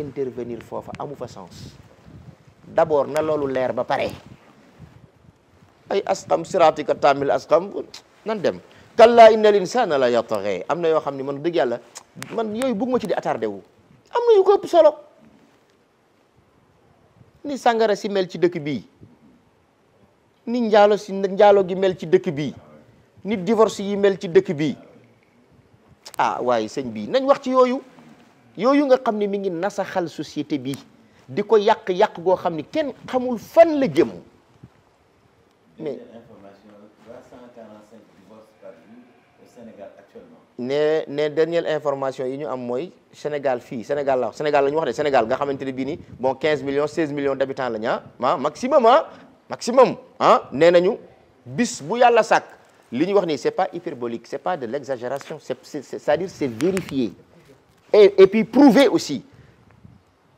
intervenir foofu amu fa sens d'abord na loolu leer ba pare ay asqam siraatika tamil askam nan dem kalla innal insana la yatghi am na yoo xam ne man dégg yàlla man yooyu ma ci di attardé wu am na yu ko ëpp solo ni sàngara si mel ci dëkk bii ni njaalo si njaalo gi mel ci dëkk bii ni divorce yi mel ci dëkk bii ah waaye sëñ bii nañ wax ci yooyu yooyu nga xam ne mi ngi nasaxal société bi di ko yàq-yàq goo xam ne kenn xamul fan la jëm mais ne ne dernière information yi ñu am mooy Sénégal fii Sénégal la Sénégal la ñu wax de Sénégal nga xamante ne bii nii bon 15 millions 16 millions d' habitants la ñu ah, ah maximum ah maximum ah nee nañu bis bu yàlla sàkk li ñu wax nii c' est pas hyperbolique c' est pas de l' exagération c' dire c' est et et puis prouver aussi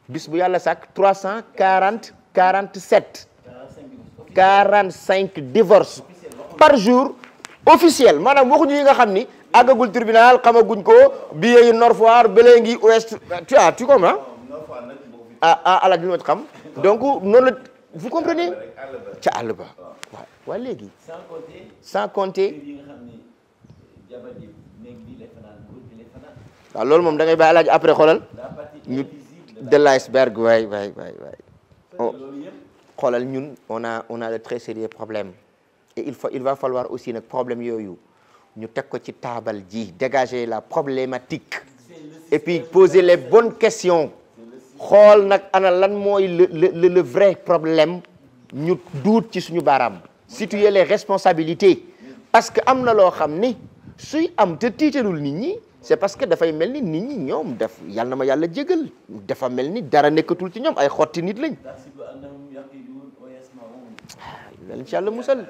bis bu yàlla sàkk trois cent quarante quarante sept. quarante cinq divorces par jour officiel maanaam waxuñu yi nga xam ni àggagul tribunal xamaguñ ko billet yi Nord ouest tu as tu comprends ah ah alaaj bi ma donc noonu la vous comprenez ca àll waaw loolu moom dangay ngay bàyyi laaj après xoolal ñu de l'iceberg oh, xoolal ñun on a on a de très sérieux problèmes et il faut il va falloir aussi nag problème yooyu ñu teg ko ci taabal ji dégager la problématique et puis poser les bonnes questions xool nag ana lan mooy le le vrai problème ñu duut ci suñu baaraam situer les responsabilités parce que am na loo xam ni suy am te tiitalul nit ñi c'est parce que dafay mel ni nit ñi ñoom def yal na ma yàlla jégal dafa mel ni dara nekkatul ci ñoom ay xotti nit lañ. yàlla incha allah musal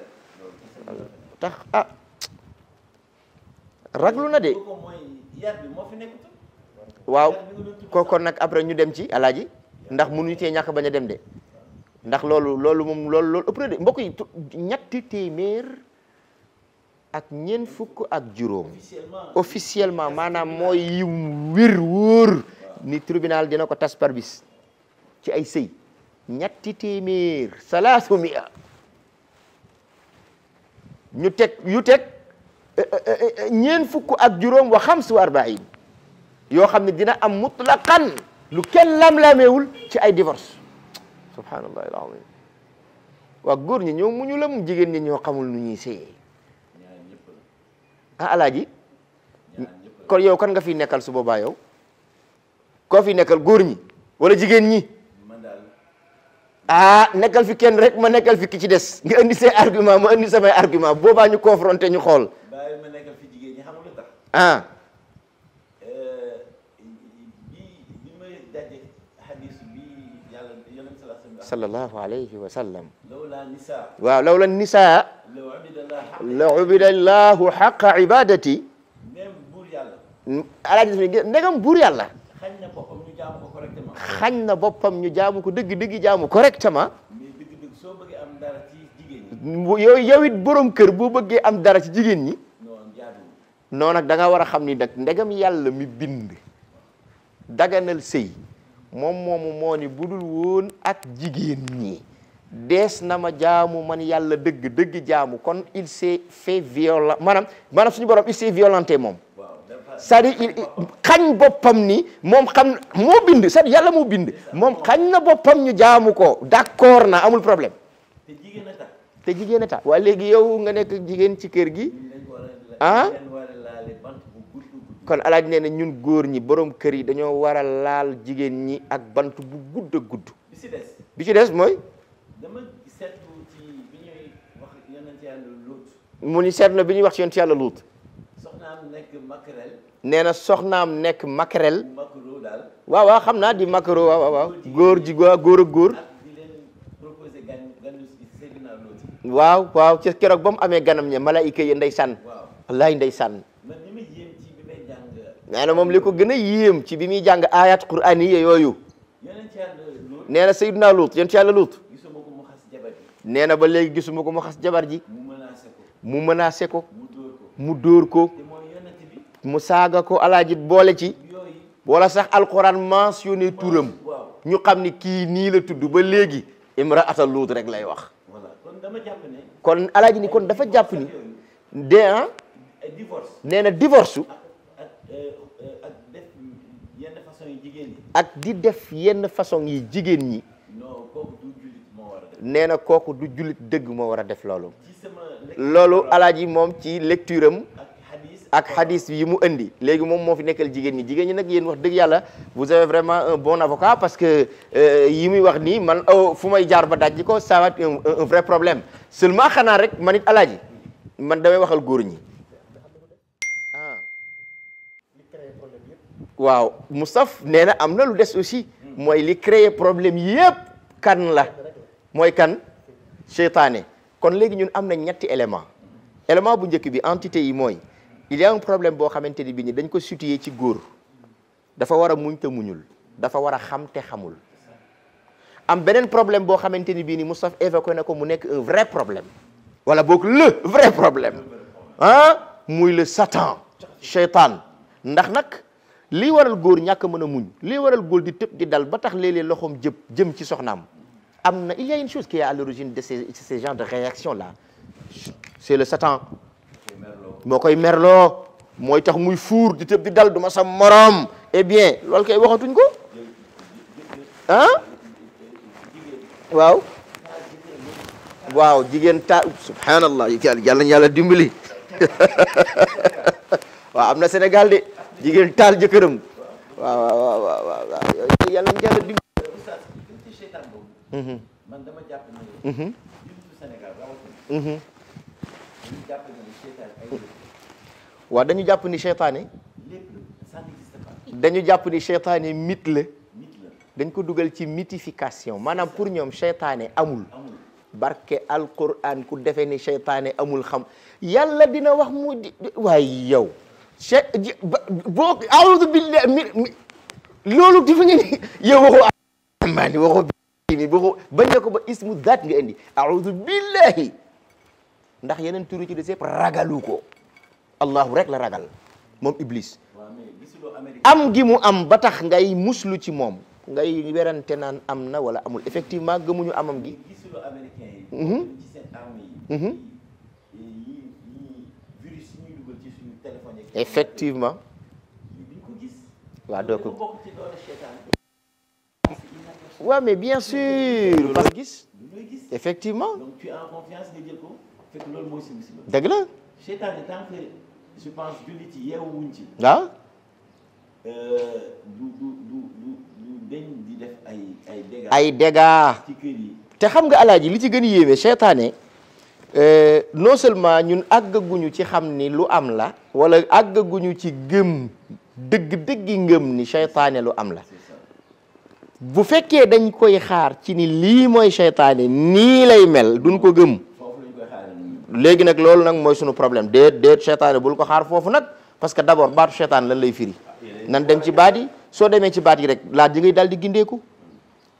tax ah raglu na de waaw kooku nag après ñu dem ci alaaji ndax mënuñu tee ñàkk bañ a dem de ndax loolu loolu moom loolu loolu ëpp de mbokk yi ñetti ak ñeen fukk ak juróom officiellement maanaam mooy yi wér wóor ni tribunal dina ko tas par ci ay sëy ñetti téeméer salaasu mia ñu teg yu teg eh, eh, eh, ñeent fukk ak juróom wa yoo xam ne dina am mutlaqan lu kenn lam lamewul ci ay divorce subhanallahi alazim waa góor ñi ñoo muñu lam jigéen ñi ñoo xamul nu ñuy sëyee ah alaaji kon yow kan nga fi nekkal su boobaa yow koo fi nekkal góor ñi wala jigéen ñi ah nekkal fi kenn rek ma nekkal fi ki ci des nga indi say argument ma indi samay argument boobaa ñu confronté ñu xool bàyyi ma fi jigéen ñi ah. eh, alayhi wa waaw lawla nisaa. la ubidallahu xaqa ibadati alaaji buur yàlla xañ na boppam ñu jaamu ko dëgg-dëgg jaamu correctement yow yow borom kër boo bëggee am dara ci jigéen ñi noonu nag da nga war a xam ni nag ndegam yàlla mi bind daganal sëy moom moomu moo budul woon ak jigéen ñi des na ma jaamu man yàlla dëgg dëgg jaamu kon il s'est fait violent maanaam maanaam suñu borom il s'est violenté moom cest à boppam ni moom xam moo bind c'est-à-dire yàlla moo bind moom xañ na boppam ñu jaamu ko d'accord na amul problème te jigéen a tax waaye léegi yow nga nekk jigéen ci kër gi ah kon alaaj nee ñun góor ñi borom kër yi dañoo war laal jigéen ñi ak bant bu gudd a bi ci des mooy mu ni seet bi ñuy wax ci yonent yàlla luut. soxnaam nekk maquerelle. nekk maquerelle. waaw waaw xam naa di maquereau waaw góor ji waaw góor ak waaw waaw ci keroog ba mu amee ganam ña malaayika yi ndey sànn. waaw ndey sànn. nee na moom li ko gën a yéem ci bi muy jàng ayat qur'ani yi yooyu. nee na Seydina Luut yonent yàlla Luut. nee na ba léegi gisuma ko mu xas jabar ji. mu menacé ko mu dóor ko mu saaga ko alaaji boole ci wala sax alxuraan mentionné turam ñu xam ni kii nii la tudd ba léegi imraata luut rek lay wax kon alaaji ni kon dafa jàpp ni de ah nee na divorce ak di def yenn façon yi jigéen ñi nee na kooku du jullit dëgg moo war a def loolu loolu alaaji moom ci lecture am ak xadis yi mu indi léegi moom moo fi nekkal jigéen ñi jigéen ñi nag yéen wax dëgg yàlla vous avez vraiment un bon avocat parce que euh, yi muy wax nii man oh, fu may jaar ba daj ko saa va être vrai problème seulement xanaa rek man it alaaji man damay waxal góor ñi ah waaw Moustapha nee na am na lu des aussi hmm. mooy li créer problème yëpp kan la mooy kan seytaane kon léegi ñun am na ñetti élément élément bu njëkk bi entité yi mooy il y a problème boo xamante ni bi ni dañ ko situé ci góor dafa war a muñ te muñul dafa war a xam te xamul am beneen problème boo xamante ni bii ni Moustapha évoqué na ko mu nekk un vrai problème wala boog le vrai problème ah muy le satan seytaan ndax nag lii waral góor ñàkk mën a muñ lii waral góor di tëb di dal ba tax léeg loxoom jëp jëm ci soxnaam am na il y a une chose qui est à de réaction là c'est le satan moo koy merloo mooy tax muy fuur di tëb di dal du ma sa morom eh bien loolu kay waxatuñ ko ah waaw waaw jigéen ta yàlla yàlla waaw am na Sénégal de jigéen taal jëkkëram waaw waaw waaw waaw yàlla yàlla dimbali man dama jàpp ne. Mhm. Mhm. jullitu mhm. dañu jàpp ni seytaane. dañu jàpp ni seytaane mythe dañ ko dugal ci mythification maanaam pour ñoom seytaane amul. barke alquran ku defee ni seytaane amul xam yàlla dina wax mu waaye yow. che boo aawudu billahi loolu dafa ngeen yow waxoo. maanaam waxoo. ni boo ko ko ba ismu zaat nga indi audu billahi ndax yeneen turu ci des yëpp ragalu ko allahu rek la ragal moom iblis am gi mu am ba tax ngay muslu ci moom ngay werante naan am na wala amul effectivement gëmuñu am gi mhm. Mhm. effectivement waa mais bien sûr. parce que gis. effectivement. donc la. seytaane ah. euh, ay ay te xam nga alaaji li ci gën a yéeme seytaane euh, non seulement ñun àggaguñu ci xam ni lu am la. wala àggaguñu ci gëm dëgg-dëggi ngëm ni seytaane lu am la. bu fekkee dañ koy xaar ci ni lii mooy seytaane nii lay mel duñ ko gëm léegi nag loolu nag mooy sunu problème déet déet seytaane bul ko xaar foofu nag parce que d'abord baatu seytaane lan lay firi nan dem ci baat yi soo demee ci baat yi rek laa yi ngay daal di gindeeku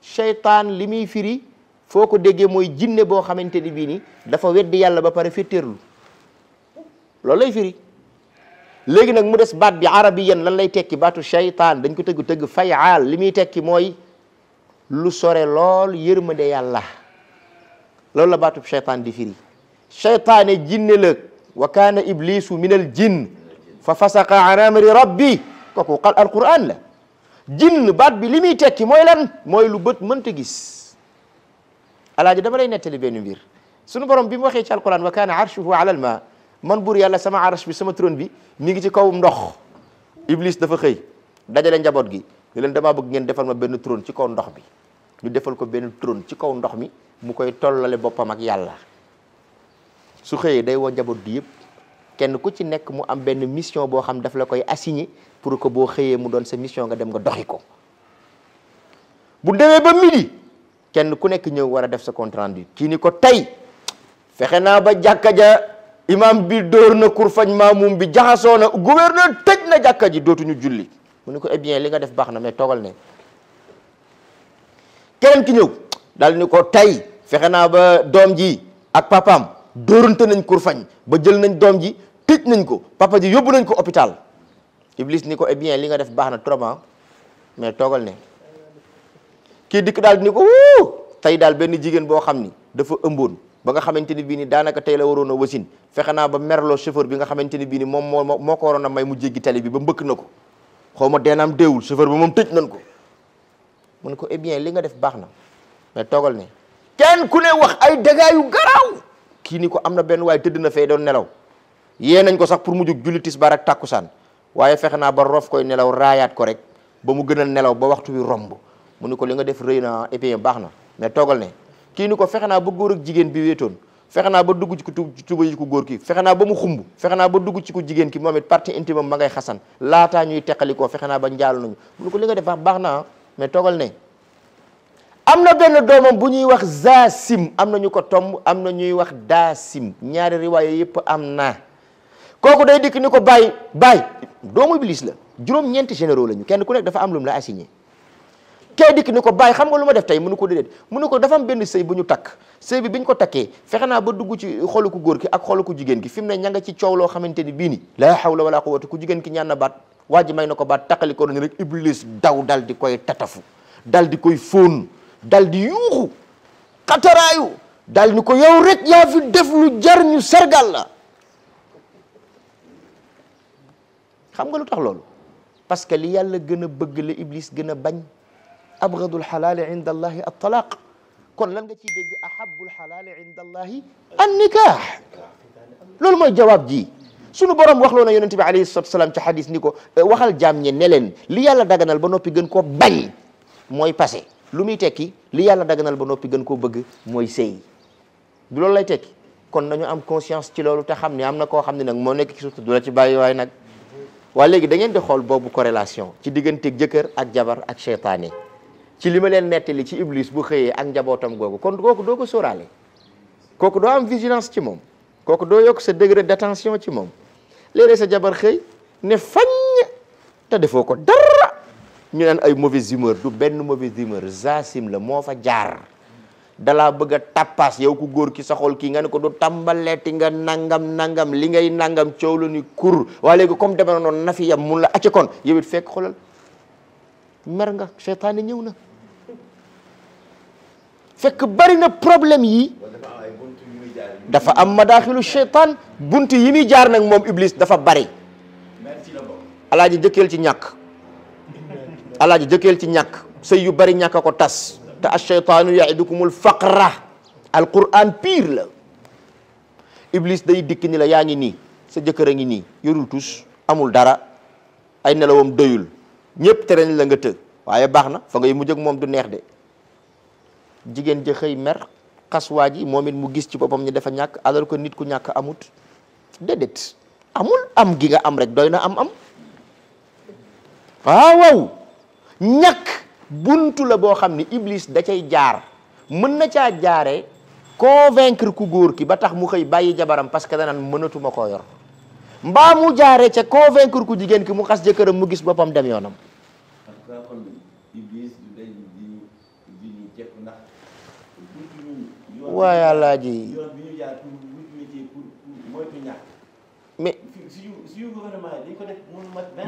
seytaan li muy firi foo ko déggee mooy jinne boo xamante ni bii ni dafa weddi yàlla ba pare féttéerlu loolu lay firi léegi nag mu des baat bi arabiyan lan lay tekki baatu seytaan dañ ko tëgg tëgg fayaal li muy tekki mooy lu sore lool yërmande yàlla loolu la baatu cheytaan di firi cheytaane jinne la wa kaana iblisu min al jinn fa fasaqa an amri rabbi kooku qal alquran la jinn baat bi li muy tekki mooy lan mooy lu bët mënta gis alaaji dama lay nettali benn mbir sunu borom bi mu waxee ci alquran wa kaana arshuhu ala alma man buur yàlla sama arsh bi sama trône bi mi ngi ci kaw ndox iblis dafa xëy dajale njaboot gi ne dama damaa bëgg ngeen defal ma benn trône ci kaw ndox bi ñu defal ko benn trône ci kaw ndox mi mu koy tollale boppam ak yàlla su xëyee day woo njaboot bi yëpp kenn ku ci nekk mu am benn mission boo xam daf la koy assigné pour que boo xëyee mu doon sa mission nga dem nga doxi ko bu demee ba midi kenn ku nekk ñëw war a def sa compte rendu kii ni ko tey fexe naa ba jàkka ja imam bi dóor na kurfañ maamum bi jaxasoo na gouverneur tëj na jàkka ji dootuñu julli mu ne ko eh bien li nga def baax na may toogal ne keneen ki ñëw daal ni ko tey fexe naa ba doom ji ak papaam dóorante nañ kur fañ ba jël nañ doom ji tëj nañ ko papa ji yóbbu nañ ko hôpital Iblis ni ko eh bien li nga def baax na trop ah, mais toogal ne kii dikk daal ni ko wuu tey daal benn jigéen boo xam ni dafa ëmboon ba nga xamante ni bii daanaka tey la waroon a wasin fexe naa ba merloo chauffeur bi nga xamante ni bii ni moom moo moo ko waroon a may mu jéggi tali bi ba mbëkk na ko xaw ma deenaam déewul chauffeur bi moom tëj nañ ko mun ko eh bien li nga def baax na mais toogal ne kenn ku ne wax ay dégâts yu kii ni ko am na benn waaye tëdd na fee doon nelaw yee nañ ko sax pour mu jug julli tisbaar ak takku saan waaye fexe naa ba rof koy nelaw raayaat ko rek ba mu gën a nelaw ba waxtu wi romb mu ni ko li nga def rëy na et eh bien baax na mais toogal ne kii ni ko fexe naa ba góor ak jigéen bi wéetoon fexe naa ba dugg ci ku tuba yi góor ki fexe naa ba mu xumb fexe naa ba dugg ci ku jigéen ki moom it partie intime ma ngay xasan laataa ñuy teqali koo fexe naa ba njaalu nañu li nga baax na mais toogal ne am na benn doomam bu ñuy wax zaasim am na ñu ko tomb am na ñuy wax daasim ñaari riwaaye yëpp am na kooku day dikk ni ko bàyyi bàyyi doomu iblis la juróom-ñeenti généraux la kenn ku nekk dafa am lu mu la assigné kee dikk ni ko bàyyi xam nga lu ma def tey mënu ko déedéet mënu ko dafa am benn sëy bu ñu takk sëy bi bi ko takkee fexe naa ba dugg ci xolu ku góor ki ak xolu ku jigéen ki fi mu ne ña ci coow loo xamante ni bii ni laa hawla wala quwwata ku jigéen ki ñaan na baat waa ji may na ko baat taqali ko nañu rek iblis daw dal di koy tatafu dal di koy fóon dal di yuuxu xataraayu dal ni ko yow rek yaa fi def lu jar sargal la xam nga lu tax loolu parce que li yàlla gën a bëgg la iblis gën a bañ abgadul xalaali inda allahi at talaq kon lan nga ciy dégg ahabul xalaali inda allahi an nikah loolu mooy jawaab ji sunu borom wax loo na yonente bi alayhi salatu salaam ci xadis ni ko eh, waxal jaam ñe ne leen li yàlla daganal ba noppi gën koo bay mooy passé lu muy tekki li yàlla daganal ba noppi gën koo bëgg mooy sëy du loolu lay tekki kon nañu am conscience ci loolu te xam ne am na koo xam ne nag moo nekk ci surtout du la ci bàyyi waay nag waa léegi da ngeen di xool boobu corrélation ci digganteeg jëkkër ak jabar ak seytaane ci li ma leen nettali ci iblis bu xëyee ak njabootam googu kon kooku doo ko sóoraale kooku doo am ci moom kooku doo yokk sa degré d'attention ci moom léeg sa jabar xëy ne faññ te defoo ko dara ñu naan ay mauvaise humeur du benn mauvaise humeur Zasim la moo fa jaar dalaa bëgg a tappaas yow ku góor ki sa xol kii nga ne ko du ti nga nangam nangam li ngay nangam coow la ni kur waa léegi comme deme na noonu na yam mun la acce kon yow it fekk xolal mer nga seytaane ñëw na fekk bari na problème yi dafa am madaaxilu cheytaan bunt yi muy jaar nag moom iblis dafa bari alaaji jëkkeel ci ñàkk alaaji jëkkeel ci ñàkk sëy yu bari ñàkk a ko tas te acheytaanu yaidukumul faqra alquran pire la iblis day dikk ni la yaa ngi nii sa jëkkër a ngi nii yorul tus amul dara ay nelawam doyul ñëpp tereñ la nga të waaye baax na fa ngay mujj ak moom du neex de jigéen ja xëy mer xas waa ji moom it mu gis ci boppam ñu defa ñàkk alors que nit ku ñàkk amut déedéet amul am gi nga am rek doy na am am waaw ah, waaw ñàkk buntu la boo xam ni iblis da cay jaar mën na caa jaaree convaincre ku góor ki ba tax mu xëy bàyyi jabaram parce que danaan mënatuma koo yor mbaa mu jaaree ca convaincre ku jigéen ki mu xas jëkkëram mu gis boppam dem yoonam waaye alaaji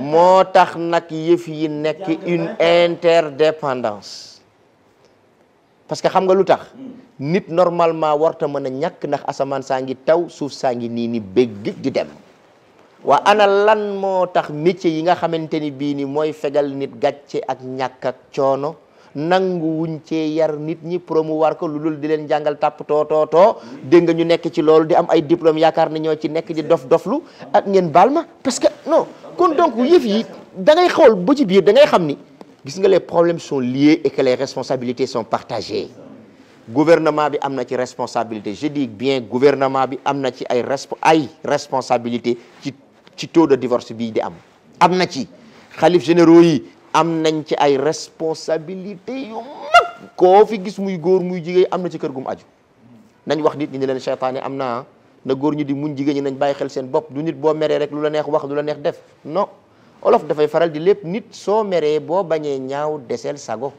moo tax nag yëf yi nekk une interdépendance parce que xam nga lu tax hmm. nit normalement warta mën a ñàkk ndax asamaan saa ngi taw suuf saa ngi nii ni bégg di dem waa ana lan moo tax métier yi nga xamante ni bii ni mooy fegal nit gàcce ak ñàkk ak coono nangu wuñ cee yar nit ñi promouvoir ko lu dul di leen jàngal tàpp toto too too nga ñu nekk ci loolu di am ay diplôme yaakaar na ñoo ci nekk di dof doflu a ah, ngeen baal ma parce que non kon donc yëf yi da ngay xool ba ci biir da ngay xam ni gis nga les problèmes sont liés et que les responsabilités sont partagées gouvernement bi am na ci responsabilité je dis bien gouvernement bi am na ci ay resp ay responsabilité ci ci taux de divorce bii di am am na ci xalif généraux yi am nañ ci ay responsabilité yu mag koo fi gis muy góor muy jigéen am na ci kër gum aju nañ wax nit ñi ne leen seytaane am naa na góor ñi di muñ jigéen ñi nañ bàyyi xel seen bopp du nit boo meree rek lu la neex wax lu la neex def no olof dafay faral di lépp nit soo meree boo bañee ñaaw deseel sago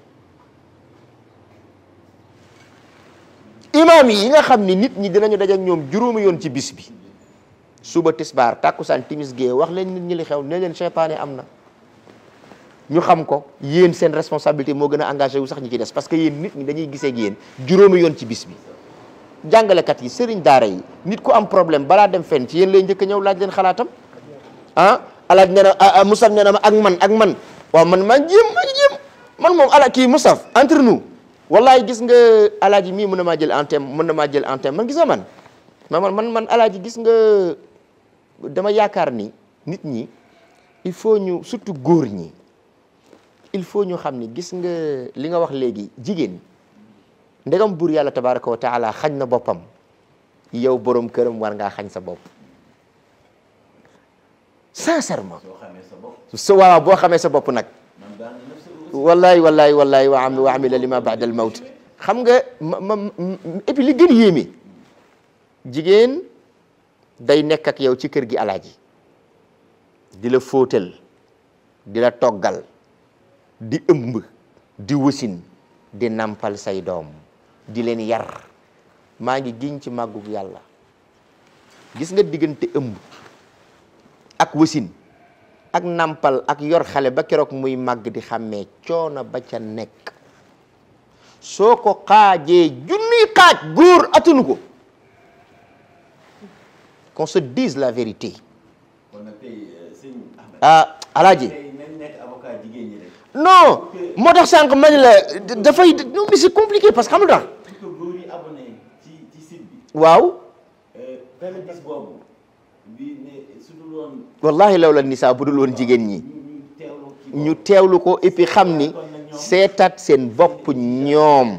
imaam yi nga xam ni nit ñi dinañu daje ak ñoom juróomi yoon ci bis bi suba tisbaar tàkkusaan timis gee wax leen nit ñi li xew ne leen seytaane am na ñu xam ko yéen seen responsabilité moo gën a engagé wu sax ñi ci des parce que yéen nit ñi dañuy gisee ak yéen juróomi yoon ci bis bi jàngalekat yi sëriñ daara yi nit ku am problème balaa dem fenn ci yéen lay njëkk a ñëw laaj leen xalaatam ah alaaj nee na ah, ah, Moussaf ma ak man ak man waaw man maa jéem man moom ala kii Moussaf entre nous wallaay gis nga alaaji mii mën na maa jël en mën na maa jël en thème man gis nga man man man man gis nga dama yaakaar ni nit ñi il faut ñu surtout góor ñi il faut ñu xam ni gis nga li nga wax léegi jigéen ndegam buur yàlla tabaraka wa taala xañ na boppam yow borom këram war ngaa xañ sa bopp sincèrement su waaw boo xamee sa bopp nag wallahi wallahi wallahi wa am wa amila lima baada al xam nga ma et puis jigéen day nekkak ak yow ci kër gi alaaji di la fóotal di toggal di ëmb di wasin di nampal say doom di leen yar maa ngi giñ ci màggug yàlla gis nga diggante ëmb ak wasin ak nampal ak yor xale ba keroog muy màgg di xàmmee coono ba ca nekk soo ko xaajee junniy xaaj góor atunu ko qu'on se dise la vérité euh, ah non moo tax sànq ma la dafay non mais compliqué parce que xam nga waaw. wallahi law la nisaa bu dul woon jigéen ñi ñu teewlu ko et puis xam ni seetat seen bopp ñoom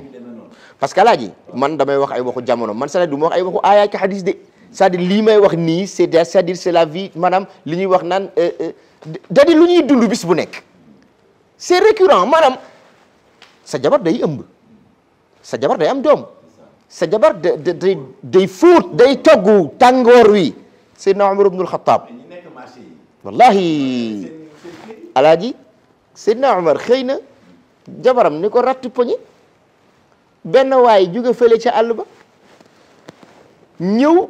parce que alaaji man damay wax ay waxu jamono man cest à ma wax ay waxu aaya ki hadis de cest à lii may wax nii c'est-à-dire c'est la vie maanaam li ñuy wax naan da euh, euh, di lu ñuy dundu bis bu nekk. c'est récurrent maanaam sa jabar day ëmb sa jabar day am doom sa jabar day day day togg tàngoor wi Seydina Umar ibnul Xataab wallahi alaaji Seydina Umar xëy na jabaram ni ko ratt poñi benn waay jóge fële ca àll ba ñëw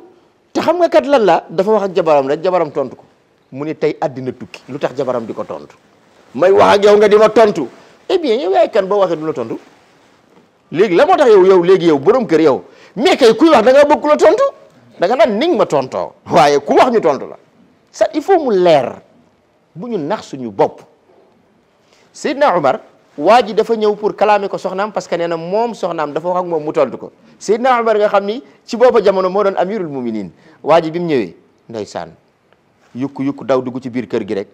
te xam nga kat lan la dafa wax ak jabaram rek jabaram tontu ko mu ne tey àddina tukki lu tax jabaram di ko tontu may wax ak yow nga di ma tontu eh bien yow yaay kan boo waxee du la tontu léegi la moo tax yow yow léegi yow boroom kër yow mais kay kuy wax da nga bëgg ku la tontu da nga naan ma tontoo waaye ku wax ñu tontu la sa il faut mu leer bu ñu nax suñu bopp Seydina Omar waa ji dafa ñëw pour kalaame ko soxnaam parce que nee na moom soxnaam dafa wax ak moom mu tontu ko Seydina Omar nga xam ni ci booba jamono moo doon amirul muminin waa ji bi mu ñëwee ndeysaan yukku yukku daw dugg ci biir kër gi rek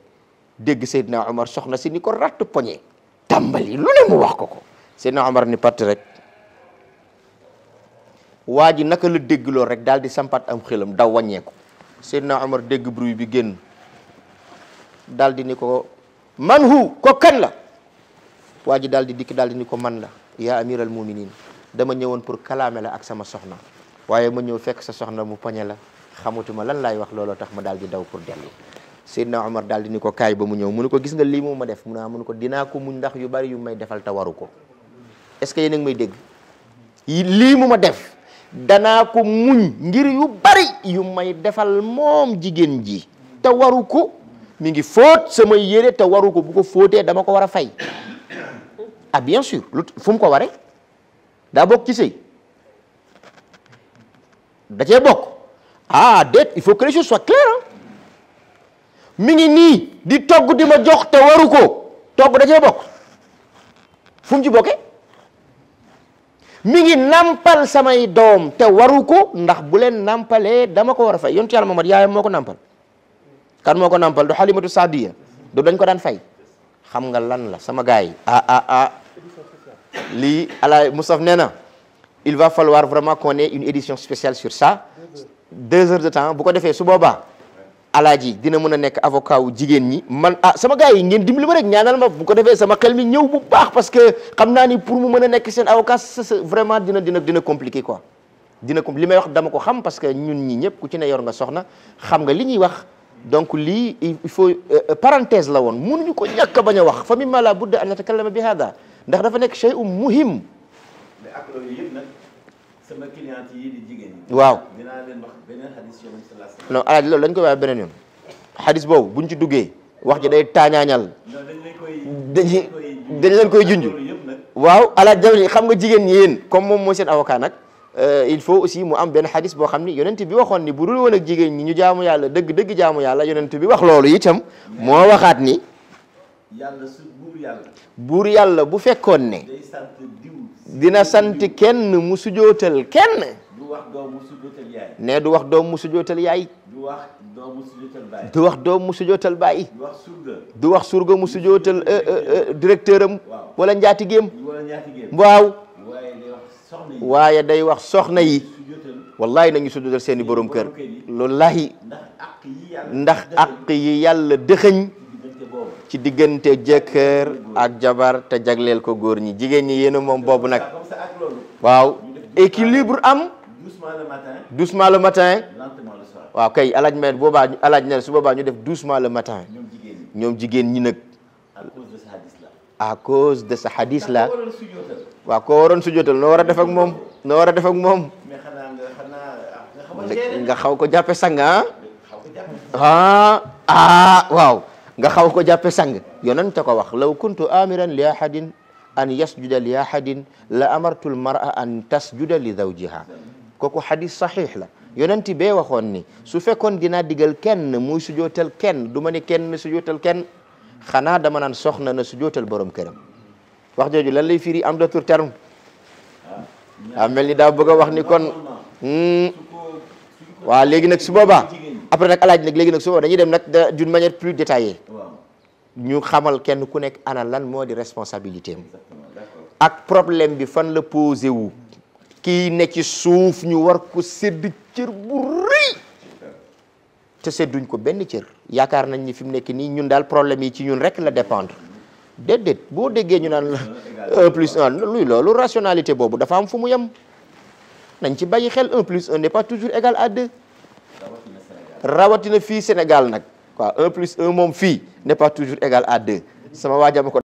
dégg Seydina Omar soxna si ni ko ratt poñe tàmbali lu ne mu wax ko ko Seydina Omar ni patt rek waa ji naka la dégg lool rek daal di sampat am xelam daw wàññeeku Seydina Omar dégg bruit bi génn daal di ni ko man hu ko kan la waa ji daal di dikk daal di ni ko man la yaa amiral muminin dama ñëwoon pour kalaame la ak sama soxna waaye ma ñëw fekk sa soxna mu poñe la xamatuma lan laay wax looloo tax ma daal di daw pour dellu Seydina Omar daal di ko kaay ba mu ñëw mu ko gis nga lii moo ma def mu ne ah, mu ne ko dinaa ko muñ ndax yu bari yu may defal te waru ko est-ce que yéen may dégg lii mu ma def danaa ko muñ ngir yu bari yu may defal moom jigéen ji te waru ko mi ngi fóot sama yére te waru ko bu fóotee dama ko war a fay ah bien sûr fu mu ko waree daa bokk ci sëy da cee bokk ah déet il faut que les choses soient claires mi ngi nii di togg di ma jox te waru ko togg da cee bokk fu ci bokke mi ngi nampal samay doom te waru ko ndax bu leen nampalee dama ko war a fay yontu ma Muhammad yaayam moo ko nampal kan moo ko nampal du Halimatu Saadiya du dañ ko daan fay xam nga lan la sama gars yi ah a ah, ah lii alaay Moustapha nee na il va falloir vraiment qu'on ait une édition spéciale sur ça deux heures de temps bu ko defee su boobaa alaaji dina mën a nekk avocat wu jigéen ñi man ah sama gars yi ngeen dimbali ma rek ñaanal ma bu ko defee sama xel mi ñëw bu baax parce que xam naa ni pour mu mën a nekk seen avocat vraiment dina dina dina compliqué quoi dina ko li may wax dama ko xam parce que ñun ñi ñëpp ku ci ne yor nga soxna xam nga li ñuy wax donc lii il faut euh, euh, parenthèse la woon ñu ko ñàkk a bañ a wax fa mimma la budda an natakallama bi hada ndax dafa nekk shay'un muhim mais sama client yi di waaw dinaa leen wax beneen xadis koy wax beneen yoon xadis boobu buñ ci duggee wax ji day taañaañal. non dañ leen koy dañ dañ leen koy junj. waaw alaaji jamono xam nga jigéen ñi yéen comme moom mooy seen avocat nag. Euh, il faut aussi mu am benn xadis boo xam ni yonent bi waxoon ni bu dul woon ak jigéen ñi ñu jaamu yàlla dëgg dëgg jaamu yàlla yonent bi wax loolu itam moo waxaat ni. yàlla buur yàlla. bu fekkoon ne. dina sant kenn mu sujootal kenn. ne du wax doom mu sujootal yaay. du wax doom mu sujootal baay. du wax doom mu sujootal surga. du wax euh, euh, euh, directeur am. wala njaatigeem. wala waaye day wax soxna yi. waaye day wallahi nañu sujootal seeni borom kër. loolu laay. ndax àq yi yàlla dëxëñ. ci diggante jëkkër ak jabar te jagleel ko góor ñi jigéen ñi yéen a moom boobu nag waaw équilibre am doucement le matin waaw kay alaaj meen boobaa alaaj ne su boobaa ñu def doucement le matin ñoom jigéen ñi nag à cause de sa hadis waaw koo waroon sujootal noo war a def ak moom noo war a def ak moom nga xaw ko jàppe sang ah ah, ah waaw nga xaw ko jàppe sang yonente ko wax law kuntu amiran li ahadin an yasjuda li ahadin la amartul mara an tasjuda li zawjiha kooku xadis saxiix la yonent be waxoon ni su fekkoon dinaa digal kenn muy sujootal kenn du ma ne kenn sujootal kenn xanaa dama naan soxna na sujootal borom këram wax jooju lan firi am d'autres termes ah, ni daa bëgg a wax ni kon hmm, waa léegi nag après nag alaaji nag léegi nag su dañuy dem nag d'une manière plus détaillée ñu xamal kenn ku nekk ana lan moo di responsabilité ak problème bi fan la posé wu kii ne ci suuf ñu war ko sedd cër bu rëy te sedduñ ko benn cër yaakaar nañ ni fi mu nekk nii ñun daal problème yi ci ñun rek la dépendre déedéet boo déggee ñu naan la un plus un luy loolu rationalité boobu dafa am fu mu yem nañ ci bàyyi xel un plus un n'est pas toujours égal à rawatina fii Sénégal nag waaw un plus un moom fii n'est pas toujours égal à deux sama waajama ko